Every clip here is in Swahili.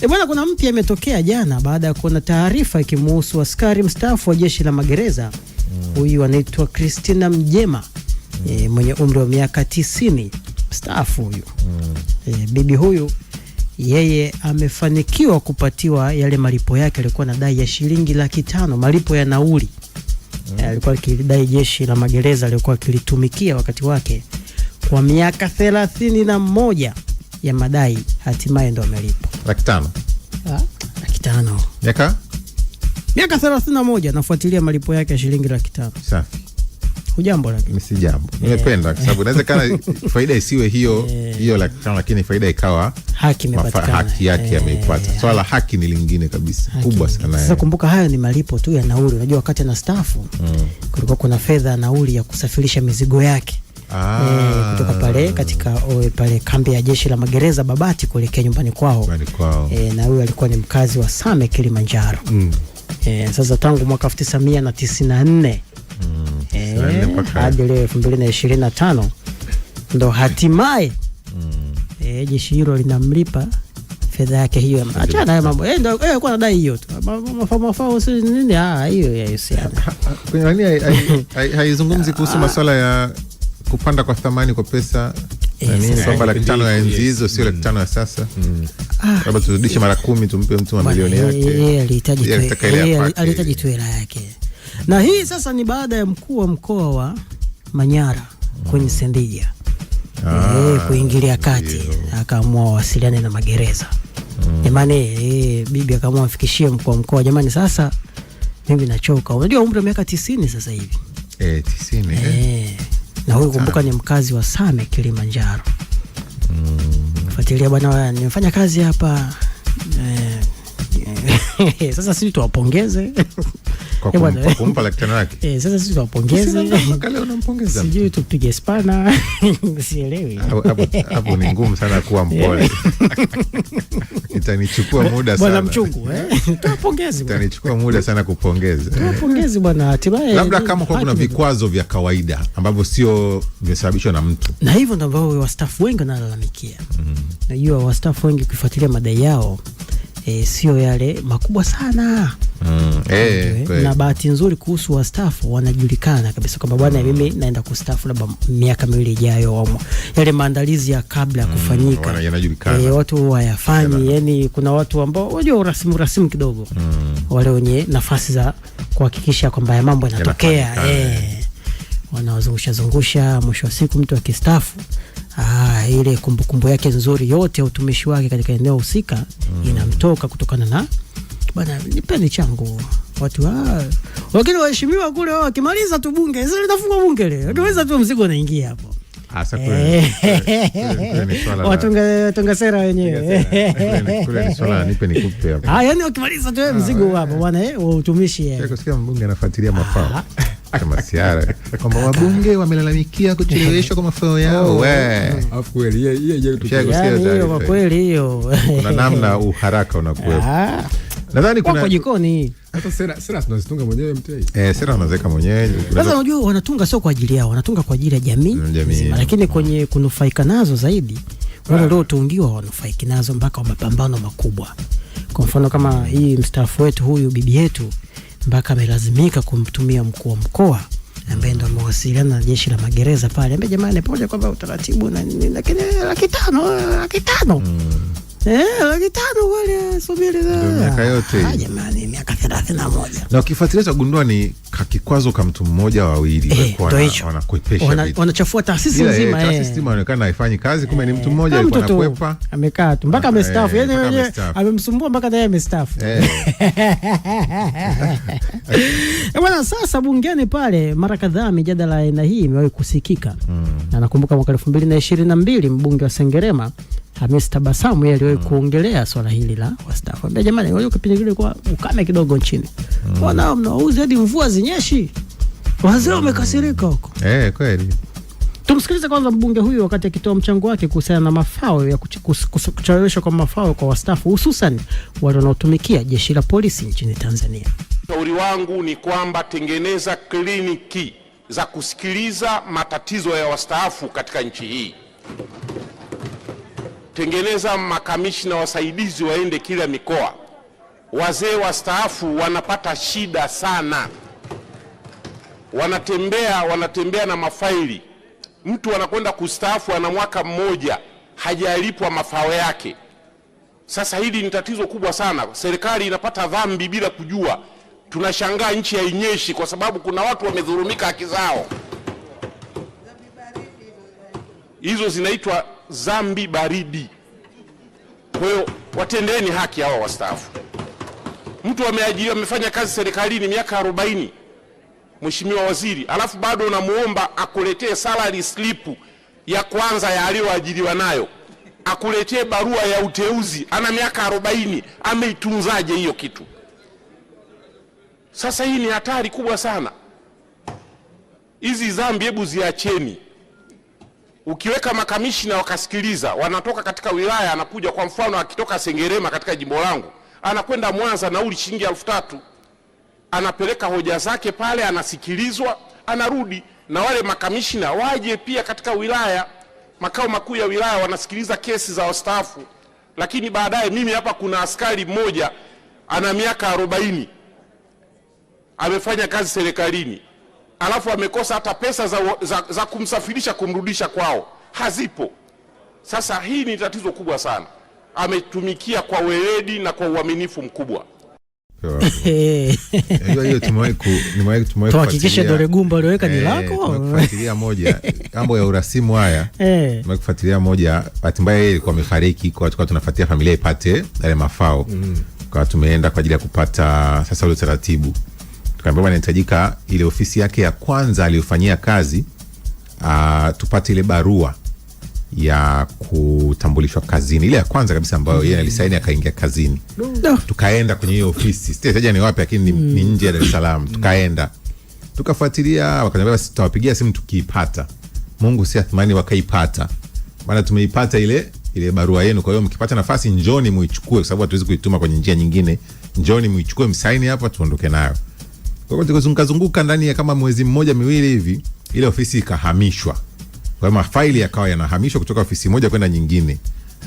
E bwana, kuna mpya imetokea jana baada ya kuona taarifa ikimuhusu askari mstaafu wa jeshi la magereza huyu mm. anaitwa Christina Mjema mm. e, mwenye umri wa miaka tisini mstaafu huyu mm. e, bibi huyu yeye amefanikiwa kupatiwa yale malipo yake alikuwa nadai ya shilingi laki tano malipo ya nauli mm. e, alikuwa akidai jeshi la magereza alikuwa akilitumikia wakati wake kwa miaka thelathini na moja ya madai, hatimaye ndo amelipa laki tano ah, laki tano miaka miaka thelathini na moja nafuatilia malipo yake ya shilingi laki tano. Safi. Hujambo lakini. Si jambo. yeah. Nimependa kwa sababu inawezekana faida isiwe hiyo yeah. hiyo laki tano, lakini faida ikawa haki imepatikana. Haki yake ameipata. yeah. Swala la haki ni lingine kabisa haki kubwa sana. Sasa kumbuka, hayo ni malipo tu ya nauli. Unajua wakati anastaafu mm. kulikuwa kuna fedha ya nauli ya kusafirisha mizigo yake Ah. Eh, kutoka pale katika o, pale kambi ya jeshi la magereza Babati kuelekea nyumbani kwao kwao. E, na huyu alikuwa ni mkazi wa Same Kilimanjaro mm. E, sasa tangu mwaka 1994 mm. hadi leo 2025 ndo hatimaye mm. E, jeshi hilo linamlipa fedha yake hiyo, achana hayo mambo eh, ndio eh, kwa nadai hiyo tu mafao mafao si nini, ah, hiyo ya Uislamu haizungumzi kuhusu ah. masuala ya kupanda kwa thamani kwa pesa kwamba laki tano ya enzi hizo sio laki tano ya sasa, ah. labda turudishe mara kumi, tumpe mtu mamilioni Alihitaji tu hela yake, na hii sasa ni baada ya mkuu wa mkoa wa Manyara kwenye Sendija ah, kuingilia kati, akaamua wawasiliane na magereza. Mm. Jamani, bibi akaamua amfikishie mkuu wa mkoa, jamani, sasa mimi nachoka. Unajua umri wa miaka tisini sasa hivi, eh, tisini eh. Eh na huyu kumbuka ni mkazi wa Same Kilimanjaro. Mm. Fuatilia bwana, nimefanya kazi hapa eh, eh, sasa sisi tuwapongeze Eh, kwa kumpa, kumpa lecture yake eh. Sasa sisi tuwapongeze, kale unampongeza, sijui tupige spana sielewi. Hapo ni ngumu sana kuwa mpole itanichukua muda sana bwana mchungu eh, eh? tuwapongeze, itanichukua muda sana kupongeza, tuwapongeze bwana. Hatimaye labda kama kwa kuna vikwazo vya kawaida ambavyo sio vimesababishwa na mtu, na hivyo ndio ambao wastaafu wengi wanalalamikia. Mm. Najua wastaafu wengi kufuatilia madai yao e, sio yale makubwa sana mm, e, na bahati nzuri kuhusu wastafu wanajulikana kabisa kwamba bwana, mm. mimi naenda kustafu labda miaka miwili ijayo, au yale maandalizi ya kabla ya mm, kufanyika mm, e, watu wayafanyi. Yani kuna watu ambao wajua urasimu rasimu kidogo mm. wale wenye nafasi za kuhakikisha kwamba ya mambo yanatokea, e, eh, eh. wanawazungusha zungusha, mwisho wa siku mtu akistaafu aa, ah, ile kumbukumbu kumbu yake nzuri yote ya utumishi wake katika eneo husika mm. inamtoka kutokana na bana, nipeni changu watu wa wakili waheshimiwa kule wao oh, wakimaliza tu bunge sasa litafungwa bunge leo mm. akiweza tu mzigo unaingia hapo ah, watunga sera wenyewe yani wakimaliza tu mzigo wapo ah, bwana eh, wa utumishi. Eh. Kusikia mbunge anafuatilia mafao kama kwamba wabunge wamelalamikia kucheleweshwa kwa mafao oh, yao. Kwa yaani, kweli hiyo kuna namna uharaka unakuwepo. Ah. Nadhani kuna kwa jikoni hata sera sera tunazitunga mwenyewe mtei. Eh, sera unaweka mwenyewe. Sasa unajua wanatunga sio kwa ajili yao, wanatunga kwa ajili ya jamii. Lakini mm. kwenye kunufaika nazo zaidi wale ah. waliotungiwa wanufaiki nazo mpaka mapambano makubwa. Kwa mfano kama hii mstaafu wetu huyu bibi yetu mpaka amelazimika kumtumia mkuu wa mkoa ambaye ndo amewasiliana na jeshi la magereza pale, ambaye jamani, pamoja kwamba utaratibu na nini, lakini laki tano laki tano mm. eh, laki tano wale subiri, miaka yote ah, jamani, miaka 31. Na ukifuatilia utagundua ni kakikwazo ka mtu mmoja wawili eh, wanakwepesha wanachafua taasisi eh, nzima. Taasisi eh. nzima inaonekana haifanyi kazi, kumbe ni mtu mmoja alikuwa anakwepa, amekaa tu mpaka amestaafu. Yaani yeye mwenyewe amemsumbua mpaka naye amestaafu bwana. Sasa bungeni pale mara kadhaa mijadala aina hii imewahi kusikika mm. na nakumbuka mwaka elfu mbili na ishirini na mbili mbunge wa Sengerema Hamis Tabasamu yeye aliwahi mm. kuongelea swala hili la wastaafu, ambia jamani, kipindi kile kwa ukame kidogo huko nchini mm. Wanao mnawauza hadi mvua zinyeshi, wazee wamekasirika huko eh, kweli. Tumsikilize kwanza mbunge huyu wakati akitoa mchango wake kuhusiana na mafao ya kucheleweshwa kwa mafao kwa wastaafu hususan wale wanaotumikia jeshi la polisi nchini Tanzania. Shauri wangu ni kwamba tengeneza kliniki za kusikiliza matatizo ya wastaafu katika nchi hii. Tengeneza makamishina wasaidizi waende kila mikoa wazee wastaafu wanapata shida sana, wanatembea wanatembea na mafaili. Mtu anakwenda kustaafu ana mwaka mmoja hajalipwa mafao yake. Sasa hili ni tatizo kubwa sana, serikali inapata dhambi bila kujua. Tunashangaa nchi hainyeshi kwa sababu kuna watu wamedhulumika haki zao. Hizo zinaitwa zambi baridi. Kwa hiyo watendeni haki hawa wastaafu. Mtu ameajiriwa amefanya kazi serikalini miaka arobaini, mheshimiwa waziri, alafu bado unamuomba akuletee salary slip ya kwanza ya aliyoajiriwa nayo, akuletee barua ya uteuzi. Ana miaka arobaini, ameitunzaje hiyo kitu? Sasa hii ni hatari kubwa sana. Hizi zambi hebu ziacheni. Ukiweka makamishina wakasikiliza, wanatoka katika wilaya, anakuja kwa mfano, akitoka Sengerema katika jimbo langu anakwenda Mwanza, nauli shilingi elfu tatu, anapeleka hoja zake pale, anasikilizwa, anarudi. Na wale makamishina waje pia katika wilaya, makao makuu ya wilaya, wanasikiliza kesi za wastaafu. Lakini baadaye mimi hapa, kuna askari mmoja ana miaka arobaini amefanya kazi serikalini, alafu amekosa hata pesa za, za, za kumsafirisha kumrudisha kwao, hazipo. Sasa hii ni tatizo kubwa sana ametumikia kwa weledi na kwa uaminifu mkubwa. Hiyo Tuhakikishe dore gumba ulioweka ni eh, lako. Kufuatilia moja mambo ya urasimu haya, eh. kufuatilia moja, bahati mbaya yeye alikuwa amefariki, kwa tukawa tunafuatia familia ipate yale mafao mm. Kwa tumeenda kwa ajili ya kupata sasa ule utaratibu, tukaambia bwana, inahitajika ile ofisi yake ya kwanza aliyofanyia kazi, uh, tupate ile barua ya kutambulishwa kazini, ile ya kwanza kabisa ambayo mm. yeye alisaini akaingia kazini no. Tukaenda kwenye hiyo ofisi, sitaja ni wapi, lakini mm. ni nje ya Dar es Salaam. Tukaenda tukafuatilia, wakaniambia basi tutawapigia simu tukiipata. Mungu si athmani wakaipata maana tumeipata ile ile barua yenu. Kwa hiyo mkipata nafasi, njoni muichukue, kwa sababu hatuwezi kuituma kwenye njia nyingine. Njoni muichukue, msaini hapa, tuondoke nayo. Kwa hiyo tukazunguka ndani ya kama mwezi mmoja miwili hivi, ile ofisi ikahamishwa. Kwa hiyo mafaili yakawa yanahamishwa kutoka ofisi moja kwenda nyingine.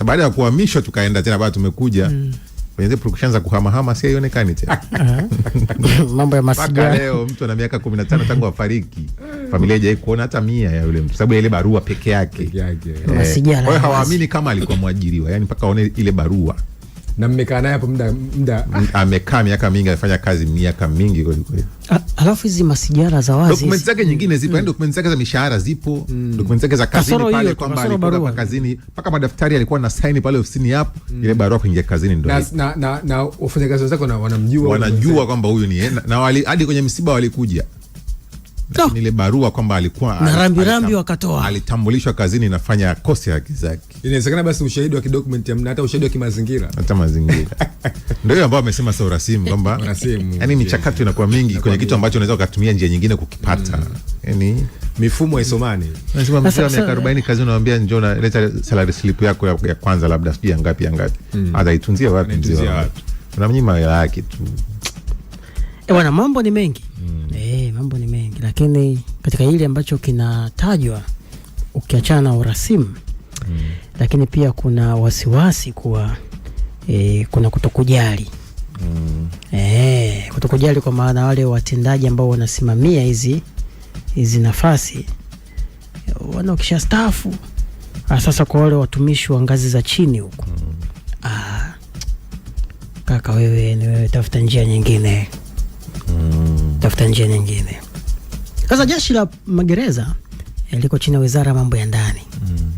Baada ya kuhamishwa tukaenda tena baada tumekuja mm. Kwenye za kuhamahama si haionekani tena. Uh-huh. Mambo ya masigara. Leo mtu ana miaka 15 tangu afariki. Familia haijai kuona hata mia ya yule mtu sababu ile barua peke yake. Peke yake. Eh, kwa hiyo hawaamini kama alikuwa mwajiriwa, yani mpaka aone ile barua na mmekaa naye hapo muda muda, amekaa miaka mingi, amefanya kazi miaka mingi kweli kweli. Alafu hizi masijara za wazi, dokumenti zake nyingine zipo, yaani mm, dokumenti zake za mishahara zipo, mm. dokumenti zake za kazini pale, kwamba alikuwa kazini mpaka madaftari alikuwa na saini pale ofisini hapo, mm. ile barua kuingia kazini, ndio na na wafanyakazi wenzake wanamjua, wanajua kwamba huyu ni na hadi kwenye msiba walikuja no. ile barua kwamba alikuwa na rambi rambi wakatoa, alitambulishwa kazini nafanya kosi ya haki zake. Inawezekana basi ushahidi wa kidokumenti amna, hata ushahidi wa kimazingira, hata mazingira ndio hiyo ambayo amesema sasa rasimu, kwamba rasimu yani michakato inakuwa mingi kwenye kitu ambacho unaweza ukatumia njia nyingine kukipata mm. yani mifumo haisomani. Nasema mtu wa miaka 40 kazi, unawaambia njoo na leta salary slip yako ya, ya kwanza labda sijui ngapi ya ngapi mm. ataitunzia wapi? Tunamnyima hela yake tu. E bwana, mambo ni mengi mm. Eh, lakini katika hili ambacho kinatajwa ukiachana na urasimu mm. lakini pia kuna wasiwasi kuwa e, kuna kutokujali mm. e, kutokujali kwa maana wale watendaji ambao wanasimamia hizi hizi nafasi wana stafu staafu ah, sasa, kwa wale watumishi wa ngazi za chini huko mm. Ah, kaka wewe, ni wewe, tafuta njia nyingine mm. tafuta njia nyingine sasa jeshi la magereza eh, liko chini ya wizara ya mambo ya ndani mm.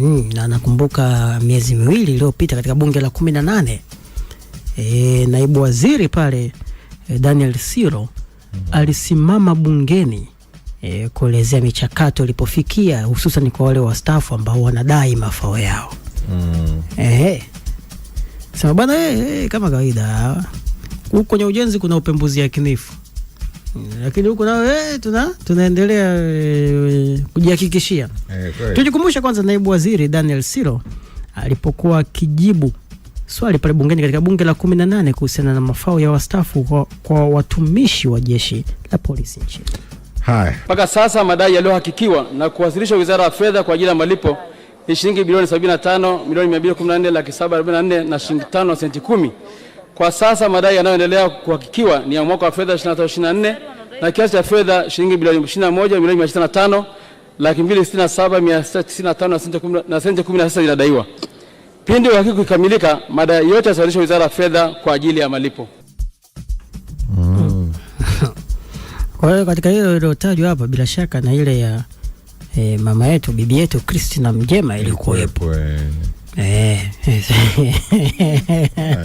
Mm, na nakumbuka miezi miwili iliyopita katika bunge la kumi na nane e, naibu waziri pale e, Daniel Siro mm alisimama bungeni e, kuelezea michakato ilipofikia hususan kwa wale wastaafu ambao wanadai mafao yao mm. e, sema bana e, e, kama kawaida huko kwenye ujenzi kuna upembuzi yakinifu Eh, lakini huku nao eh, tuna tunaendelea eh, kujihakikishia eh. Tujikumbushe kwanza, naibu waziri Daniel Silo alipokuwa akijibu swali pale bungeni katika bunge la 18 kuhusiana na mafao ya wastaafu kwa, kwa watumishi wa jeshi la polisi nchini. Haya, mpaka sasa madai yaliyohakikiwa na kuwasilisha Wizara ya Fedha kwa ajili ya malipo ni shilingi bilioni 75 milioni 214 laki 744 na shilingi 5 senti 10 kwa sasa madai yanayoendelea kuhakikiwa ni ya mwaka wa fedha 2024 na kiasi cha fedha shilingi bilioni 21 milioni 605 laki 267695 na na senti kumi zinadaiwa. inadaiwa. Pindi uhakiki ukikamilika, madai yote yatasalilisha Wizara ya Fedha kwa ajili ya malipo. Mm. Kwa hiyo katika hiyo iliyotajwa hapa, bila shaka na ile ya e, mama yetu bibi yetu Christina Mjema ilikuwepo. Eh, eh.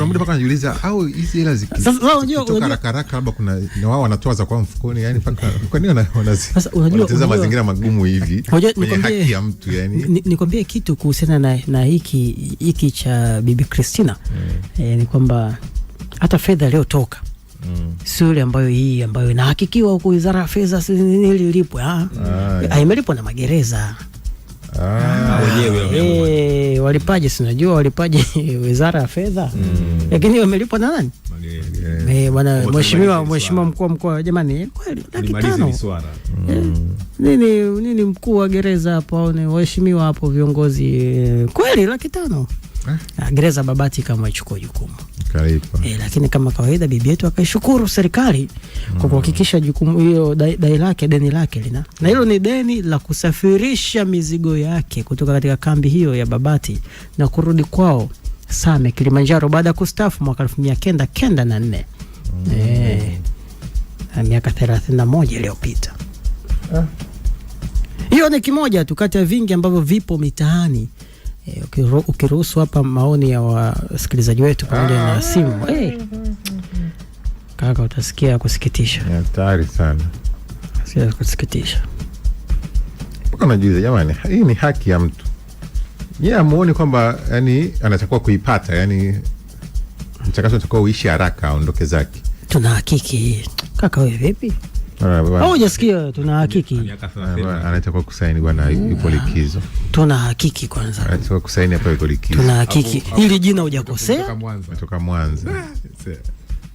kuna muda mpaka najiuliza au hizi hela zikitoka haraka haraka, labda kuna na wao wanatoa za kwa mfukoni, yani mpaka kwa nini wanateza mazingira magumu hivi kwenye haki ya mtu yani. Nikwambie kitu kuhusiana na, na hiki hiki cha Bibi Christina mm. E, ni kwamba hata fedha iliyotoka Mm. Sio ile ambayo hii ambayo inahakikiwa huko Wizara ya Fedha ah, ah imelipwa na magereza Ah. Ah, wenyewe eh, walipaje? Sinajua walipaje wizara ya fedha, hmm. lakini wamelipwa na nani? Eh, bwana mheshimiwa, mheshimiwa mkuu wa mkoa, jamani, eh, kweli laki tano hmm. nini nini? Mkuu wa gereza hapo, waheshimiwa hapo, viongozi, kweli laki tano eh, gereza Babati kama ichukua jukumu e, lakini kama kawaida bibi yetu akaishukuru serikali mm, kwa kuhakikisha jukumu hiyo dai, dai lake deni lake lina na hilo ni deni la kusafirisha mizigo yake kutoka katika kambi hiyo ya Babati na kurudi kwao Same Kilimanjaro baada ya kustafu mwaka elfu mia kenda kenda na nne mm, e, miaka thelathini na moja iliyopita hiyo ni kimoja tu kati ya vingi ambavyo vipo mitaani E, ukiruhusu hapa maoni ya wasikilizaji wetu pamoja na ah. simu hey. Kaka utasikia kusikitisha, hatari sana, sikia kusikitisha mpaka unajiuliza, jamani, hii ni haki ya mtu yeye yeah, amuone kwamba yani anatakiwa kuipata, yani mchakato unatakiwa uishi haraka, aondoke zake. Tuna hakiki kaka, wewe vipi? Hujasikia tuna hakiki, anataka kusaini bwana, yuko ah, likizo. Tuna hakiki kwanza, anataka kusaini hapa, yuko likizo. Tuna hakiki hili jina, hujakosea kutoka Mwanza.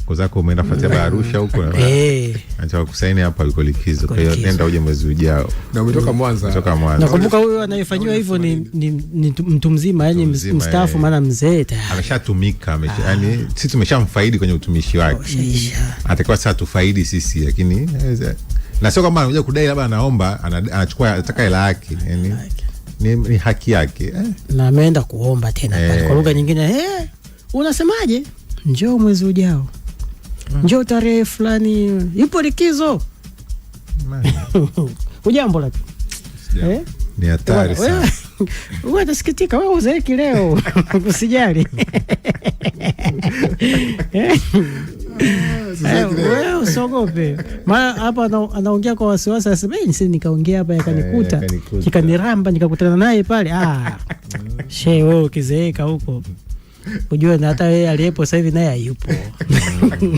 kozako zako umeenda Fataba mm. Arusha huko eh? eh. kusaini hapa yuko likizo, kwa hiyo nenda uje mwezi ujao. Na umetoka Mwanza, umetoka Mwanza. Nakumbuka huyo anayefanyiwa hivyo ni, ni, ni mtu mzima, yani mstaafu, eh. maana mzee tayari ameshatumika, ah. yani sisi tumeshamfaidi kwenye utumishi wake, oh, atakiwa sasa tufaidi sisi, lakini na sio kama anakuja kudai labda anaomba anachukua ataka hela yake yani ni, ni haki yake eh. Na ameenda kuomba tena eh. Kwa lugha nyingine eh, unasemaje? Njoo mwezi ujao njoo tarehe fulani, ipo likizo. Ujambo lakini eh? Ni hatari sana. Wewe utasikitika, eh? eh, wewe uzeeki leo usijali. Wewe usogope, maana hapa anaongea kwa wasiwasi, asema si nikaongea hapa yakanikuta eh, kikaniramba nikakutana naye pale. Ah, we wewe ukizeeka huko Ujue na hata yeye aliyepo sasa hivi naye hayupo.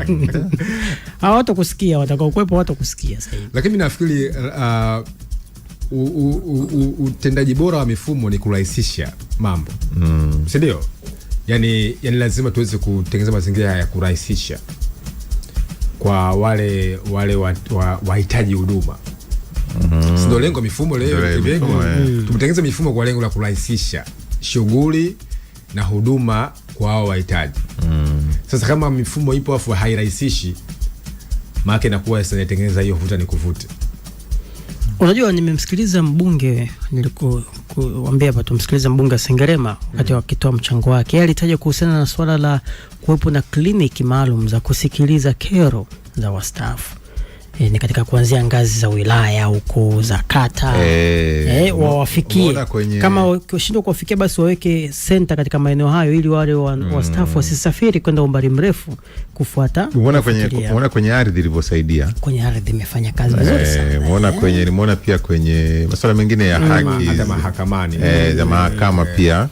Hao watu kusikia watakao kuwepo watu kusikia sasa hivi. Lakini nafikiri uh, utendaji bora wa mifumo ni kurahisisha mambo mm. si ndio? Yaani yani lazima tuweze kutengeneza mazingira ya kurahisisha kwa wale wale wahitaji wa, wa huduma mm. si ndio lengo mifumo leo, eh. mm. tumetengeneza mifumo kwa lengo la kurahisisha shughuli na huduma kwa wao wahitaji mm. Sasa kama mifumo ipo afu hairahisishi, maana inakuwa inatengeneza hiyo vuta ni kuvute. Unajua, nimemsikiliza mbunge nilikuambia hapa, tumsikiliza mbunge wa Sengerema wakati mm. wakitoa mchango wake, alitaja kuhusiana na swala la kuwepo na kliniki maalum za kusikiliza kero za wastaafu E, ni katika kuanzia ngazi za wilaya huko za kata e, e, wawafikie kwenye... kama kushindwa kuwafikia basi waweke senta katika maeneo hayo ili wale wa, mm, wasisafiri kwenda umbali mrefu kufuata. Umeona kwenye, umeona kwenye ardhi ilivyosaidia, kwenye ardhi imefanya kazi nzuri sana. e. kwenye, nimeona pia kwenye masuala mengine ya mm. haki za mahakamani za mahakama e. pia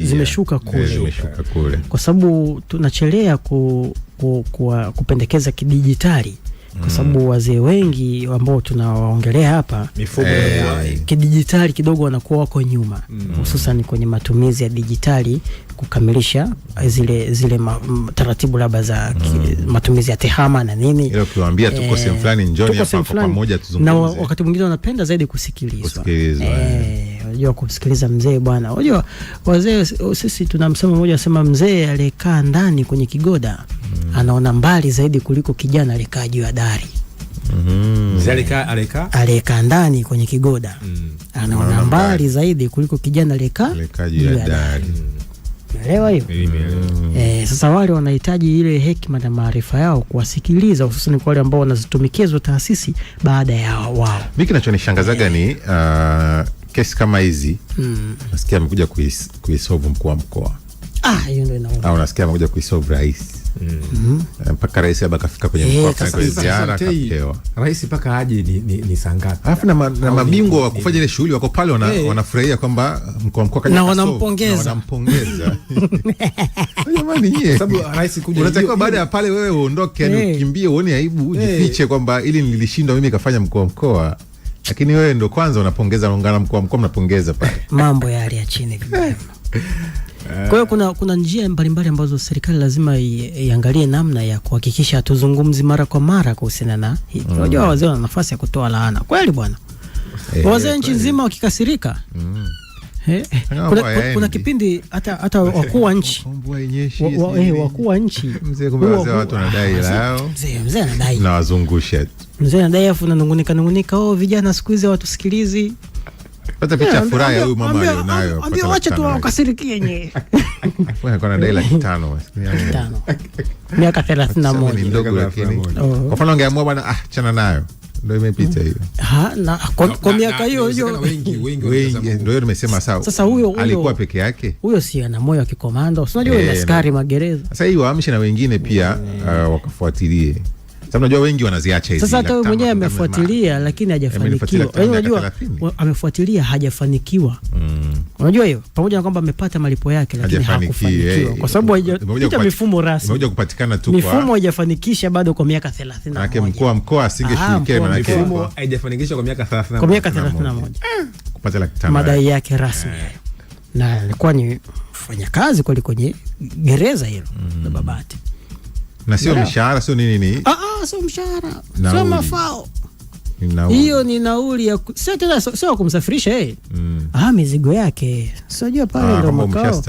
zimeshuka zime, kule, Zime kule kwa sababu tunachelea ku, ku, ku, kupendekeza kidijitali kwa sababu wazee wengi ambao tunawaongelea hapa hey, eh, kidijitali kidogo wanakuwa wako nyuma mm. hususan mm. kwenye matumizi ya dijitali kukamilisha zile zile ma, taratibu labda za mm. matumizi ya tehama na nini, ukiwaambia tuko eh, sehemu fulani, njoni hapa kwa pamoja tuzungumze, na wakati mwingine wanapenda zaidi kusikilizwa eh, unajua kumsikiliza mzee bwana. Unajua wazee sisi tuna msemo mmoja, asema mzee aliyekaa ndani kwenye kigoda anaona mbali zaidi kuliko kijana alikaa juu ya dari mm -hmm. aliyekaa ndani kwenye kigoda mm. anaona mbali, mbali zaidi kuliko kijana aliyekaa juu ya dari mm-hmm. mm. Elewa hiyo mm. E, sasa wale wanahitaji ile hekima na maarifa yao kuwasikiliza, hususani kwa wale ambao wanazitumikizwa taasisi baada ya wao. Mi kinachonishangazaga ni uh, kesi kama hizi mm. nasikia amekuja kuisolve mkuu wa mkoa, ah, hiyo ndio inaona, au nasikia amekuja kuisovu rais Mm-hmm. mpaka rais aba kafika kwenye eh, ziara kapewa rais mpaka aje ni, ni, ni sangapi Alafu na, ma, na mabingwa wa kufanya ile shughuli wako pale wana, hey. Eh. wanafurahia kwamba mkoa mkoa kaja na wanampongeza wanampongeza. Jamani nyie, sababu rais kuja unatakiwa baada ya pale wewe uondoke, yani eh. ukimbie, uone aibu, ujifiche kwamba ili nilishindwa mimi kafanya mkoa mkoa lakini wewe ndo kwanza unapongeza, unaungana mkoa mkoa, mnapongeza pale. Mambo yale ya chini vibaya Kwa hiyo kuna, kuna njia mbalimbali ambazo serikali lazima iangalie namna ya kuhakikisha hatuzungumzi mara kwa mara kuhusiana na hili. Mm. Unajua mm. wazee wana nafasi ya kutoa laana kweli bwana hey, eh, wazee nchi nzima wakikasirika mm. hey, eh, eh. kuna, kuna yaani. kipindi hata hata wakuu wa nchi wakuu wa nchi mzee anadai na mzee anadai afu nanungunika nungunika, oh vijana siku hizi hawatusikilizi Pata picha furaha huyu mama alionayo. Ambia wacha tu wakasirikie yenyewe. Wewe kuna dai laki tano. Miaka 31. Kwa mfano ungeamua bwana ah chana nayo. Ndio imepita hiyo. Ha, na kwa miaka hiyo hiyo wengi wengi nimesema sawa. Sasa huyo alikuwa peke yake. Huyo si ana moyo wa kikomando. Unajua eh, ni askari magereza. Sasa hii waamshi na wengine pia eh. ah, wakafuatilie. Sasa unajua wengi wanaziacha hizi. Sasa hata wewe mwenyewe amefuatilia lakini hajafanikiwa. Yaani unajua amefuatilia hajafanikiwa. Mm. Unajua hiyo pamoja na kwamba amepata malipo yake lakini hakufanikiwa Hey, eh, kwa sababu haijapita mifumo rasmi. Imekuja kupatikana tu kwa mifumo haijafanikisha bado kwa miaka 30. Maana mkoa wa mkoa asingeshirikia ah, maana yake mifumo haijafanikisha kwa miaka 30. Kwa miaka 31. Eh, kupata laki tano. Madai eh. yake rasmi. Na alikuwa ni fanya kazi kwenye gereza hilo mm. la Babati. Na sio mshahara sio nini nini. Ah, ah, sio mshahara, sio mafao hiyo ni nauli ya sio tena, sio kumsafirisha yeye mm. Ah, mizigo yake sijajua pale ah, ndo makao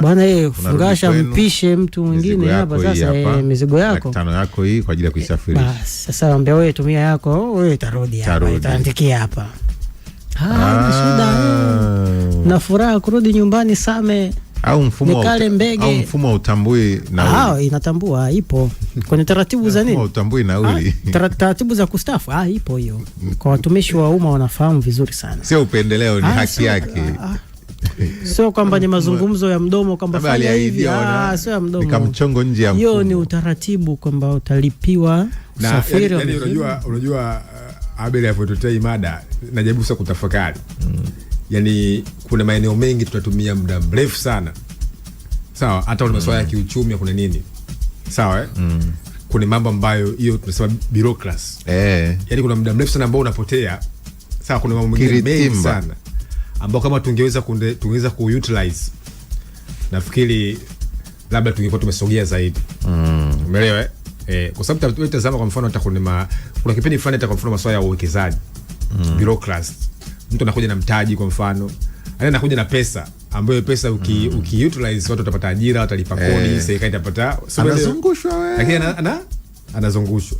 bwana yeye eh, fungasha mpishe mtu mwingine hapa sasa. E, mizigo yako tano yako hii kwa ajili ya eh, kuisafirisha e, sasa naambia wewe tumia yako wewe tarudi hapa itaandikia hapa. Ah, ah, shida na furaha kurudi nyumbani Same au mfumo wa mbege au mfumo utambui na inatambua, ipo kwenye taratibu za nini, utambui na taratibu za kustafu. Ah, ipo hiyo kwa watumishi wa umma wanafahamu vizuri sana, sio upendeleo, ni ah, haki yake. Ah, ah. Sio kwamba ni mazungumzo ya mdomo kwamba fanya hivi, ah, sio ya mdomo, nikamchongo nje ya mfumo. Hiyo ni utaratibu kwamba utalipiwa usafiri. Unajua, unajua uh, Abel alipototei mada, najaribu sasa kutafakari mm yani kuna maeneo mengi tutatumia muda mrefu sana sawa, hata kuna masuala mm. ya kiuchumi, kuna nini sawa eh? mm. kuna mambo ambayo hiyo tunasema bureaucracy eh. yani kuna muda mrefu sana ambao unapotea sawa, kuna mambo mengine mengi sana ambao kama tungeweza kunde, tungeweza kuutilize nafikiri labda tungekuwa tumesogea zaidi mm. umeelewa eh? Eh, kwa sababu tazama, kwa mfano hata kuna kuna kipindi fulani hata kwa mfano masuala ya uwekezaji mm. bureaucracy mtu anakuja na mtaji kwa mfano yaani anakuja na pesa ambayo pesa uki, mm. uki utilize watu watapata ajira, watalipa eh. kodi eh, serikali itapata, anazungushwa wewe, lakini ana, ana anazungushwa.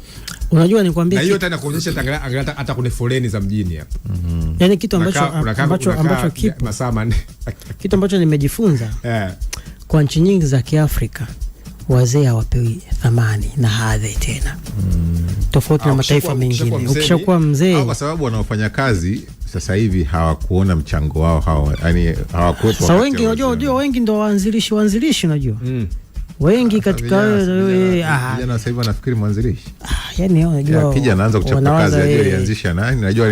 Unajua nikwambie na hiyo tena kuonyesha hata hata kuna foreni za mjini hapa mm -hmm. yani kitu ambacho unaka, ambacho unaka, ambacho kipo masaa manne kitu ambacho nimejifunza yeah. Kwa nchi nyingi za Kiafrika wazee hawapewi thamani na hadhi tena mm. Tofauti na ah, mataifa mengine, ukishakuwa mzee, kwa sababu wanaofanya kazi sasa hivi hawakuona mchango wao hao, yani hawakuwepo. Sasa wengi unajua, unajua wengi ndo waanzilishi waanzilishi, unajua mm. wengi katika wewe ah, vijana sasa hivi wanafikiri mwanzilishi ah, yani, unajua kija anaanza kuchapa kazi, ajua alianzisha nani, najua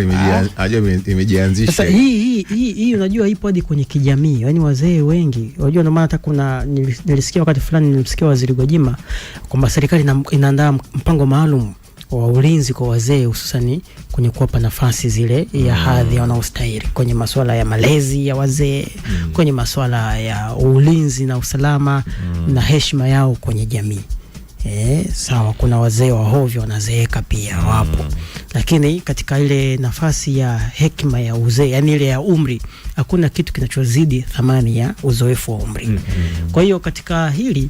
ah. imejianzisha. Sasa hii hii hii unajua ipo hadi kwenye kijamii, yani wazee wengi unajua, ndio maana hata kuna nilisikia wakati fulani nilimsikia Waziri Gwajima kwamba serikali inaandaa mpango maalum wa ulinzi kwa wazee hususani kwenye kuwapa nafasi zile ya mm. hadhi wanaostahili kwenye masuala ya malezi ya wazee mm. kwenye masuala ya ulinzi na usalama mm. na heshima yao kwenye jamii. E, sawa, kuna wazee wa hovyo wanazeeka pia mm. wapo, lakini katika ile nafasi ya hekima ya uzee, yani ile ya umri, hakuna kitu kinachozidi thamani ya uzoefu wa umri. Mm-hmm. Kwa hiyo katika hili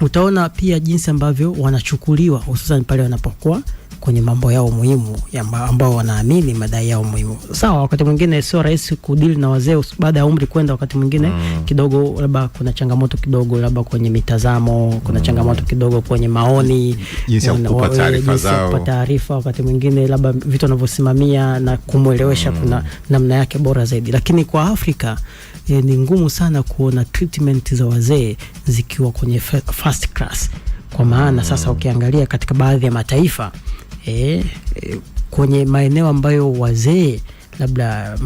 utaona pia jinsi ambavyo wanachukuliwa hususan pale wanapokuwa kwenye mambo yao muhimu ya ambao wanaamini madai yao muhimu. Sawa, wakati mwingine sio rahisi kudili na wazee baada ya umri kwenda, wakati mwingine mm. kidogo labda kuna changamoto kidogo labda kwenye mitazamo, kuna mm. changamoto kidogo kwenye maoni, jinsi ya kupa eh, taarifa, wakati mwingine labda vitu wanavyosimamia na kumwelewesha mm. kuna namna yake bora zaidi, lakini kwa Afrika eh, ni ngumu sana kuona treatment za wazee zikiwa kwenye first class, kwa maana mm. sasa ukiangalia katika baadhi ya mataifa e, e, kwenye maeneo ambayo wazee labda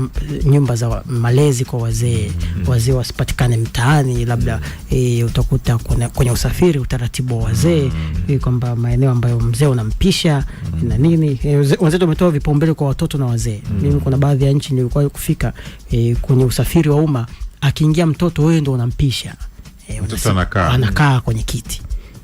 nyumba za malezi kwa wazee mm -hmm. Wazee wasipatikane mtaani labda mm -hmm. E, utakuta kwenye, kwenye usafiri utaratibu wa wazee mm -hmm. E, kwamba maeneo ambayo mzee unampisha mm -hmm. na nini e, wenzetu wametoa vipaumbele kwa watoto na wazee mm -hmm. Mimi kuna baadhi ya nchi nilikuwa kufika e, kwenye usafiri wa umma akiingia mtoto wewe ndo unampisha e, anakaa anakaa kwenye kiti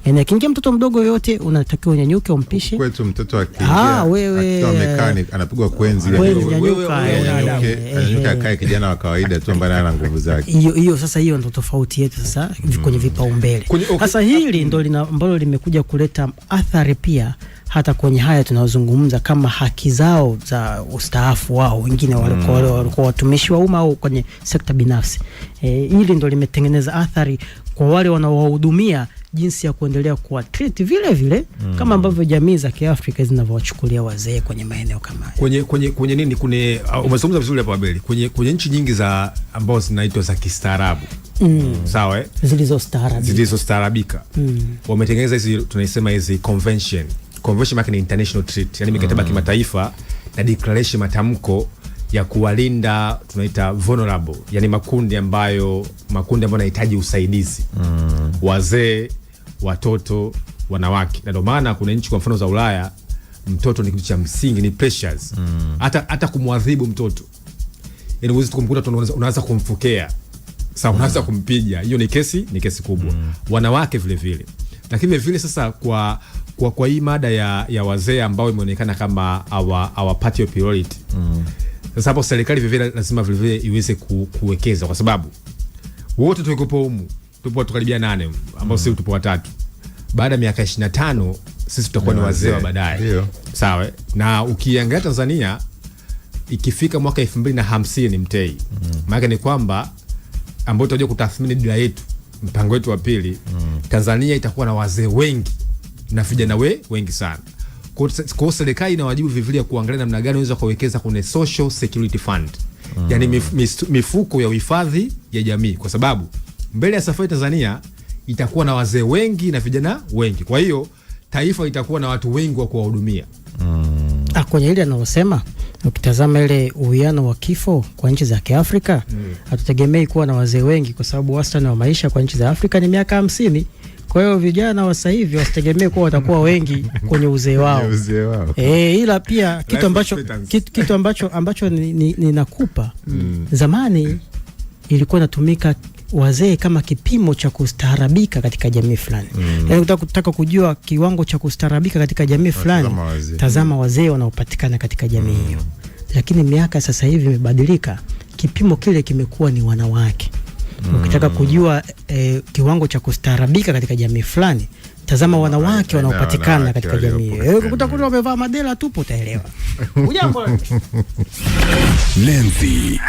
Yani akiingia mtoto mdogo yote unatakiwa unyanyuke umpishe. Kwetu mtoto akiingia Ah, wewe Akiwa anapigwa kwenzi, anyanyuke eh, eh, eh. akae kijana wa kawaida tu ambaye ana nguvu zake. Hiyo hiyo sasa, hiyo ndo tofauti yetu sasa mm. kwenye vipaumbele. Sasa ah, hili ndo ambalo limekuja kuleta athari pia hata kwenye haya tunayozungumza kama haki zao za ustaafu wao, wengine walikuwa mm. watumishi wa umma au kwenye sekta binafsi. Hili e, ndo limetengeneza athari kwa wale wanaowahudumia jinsi ya kuendelea kuwa treat vile vile mm. kama ambavyo jamii za Kiafrika zinavyowachukulia wazee kwenye maeneo kama haya. Kwenye kwenye kwenye nini kune ah, umezungumza vizuri hapo Abeli. Kwenye kwenye nchi nyingi za ambazo zinaitwa za kistaarabu. Mm. Sawa eh? Zilizo Zilizo Zilizostaarabika. Mm. Wametengeneza hizi tunaisema hizi convention. Convention maana ni international treaty, yani mikataba mm. kimataifa na declaration matamko ya kuwalinda tunaita vulnerable, yani makundi ambayo makundi ambayo yanahitaji usaidizi mm. Wazee, watoto, wanawake. Na ndio maana kuna nchi kwa mfano za Ulaya mtoto ni kitu cha msingi, ni pressures mm. hata kumwadhibu mtoto, yani uwezi kumkuta, unaanza kumfukea sasa, unaanza mm. kumpiga. Hiyo ni kesi, ni kesi kubwa mm. Wanawake vile vile, lakini vile vile sasa kwa kwa, kwa hii mada ya, ya wazee ambao imeonekana kama our, our party priority mm. Sasa hapo serikali vivyo lazima vivyo iweze ku, kuwekeza kwa sababu wote tulikopo humu tupo watu karibia nane ambao sisi tupo watatu. Baada ya miaka 25 sisi tutakuwa ni wazee wa baadaye. Sawa? Na ukiangalia Tanzania ikifika mwaka 2050 mtei. Mm. Maana ni kwamba ambao tutakuja kutathmini dira yetu, mpango wetu wa pili, mm. Tanzania itakuwa na wazee wengi na vijana we wengi sana. Kwa serikali inawajibu vivili vivilia kuangalia namna gani unaweza kuwekeza kwenye social security fund mm. Yani mif, ah. mif, mifuko ya uhifadhi ya jamii, kwa sababu mbele ya safari Tanzania itakuwa na wazee wengi na vijana wengi, kwa hiyo taifa itakuwa na watu wengi wa kuwahudumia mm. Kwenye ile anaosema ukitazama ile uwiano wa kifo kwa nchi za Kiafrika hmm. hatutegemei mm. kuwa na wazee wengi, kwa sababu wastani wa maisha kwa nchi za Afrika ni miaka hamsini. Kwa hiyo vijana wa sasa hivi wasitegemee kuwa watakuwa wengi kwenye uzee wao, uzee wao. E, ila pia kitu ambacho, kitu, kitu ambacho, ambacho ninakupa ni, ni mm. Zamani ilikuwa inatumika wazee kama kipimo cha kustaarabika katika jamii fulani mm. Yaani kutaka kujua kiwango cha kustaarabika katika jamii fulani, tazama wazee wanaopatikana katika jamii mm. hiyo mm. Lakini miaka sasa hivi imebadilika, kipimo kile kimekuwa ni wanawake. Ukitaka mm. kujua e, kiwango cha kustaarabika katika jamii fulani, tazama wanawake wanaopatikana katika jamii. Eh, utakuta wamevaa madela tupu, utaelewa. Ujambo Lenzi.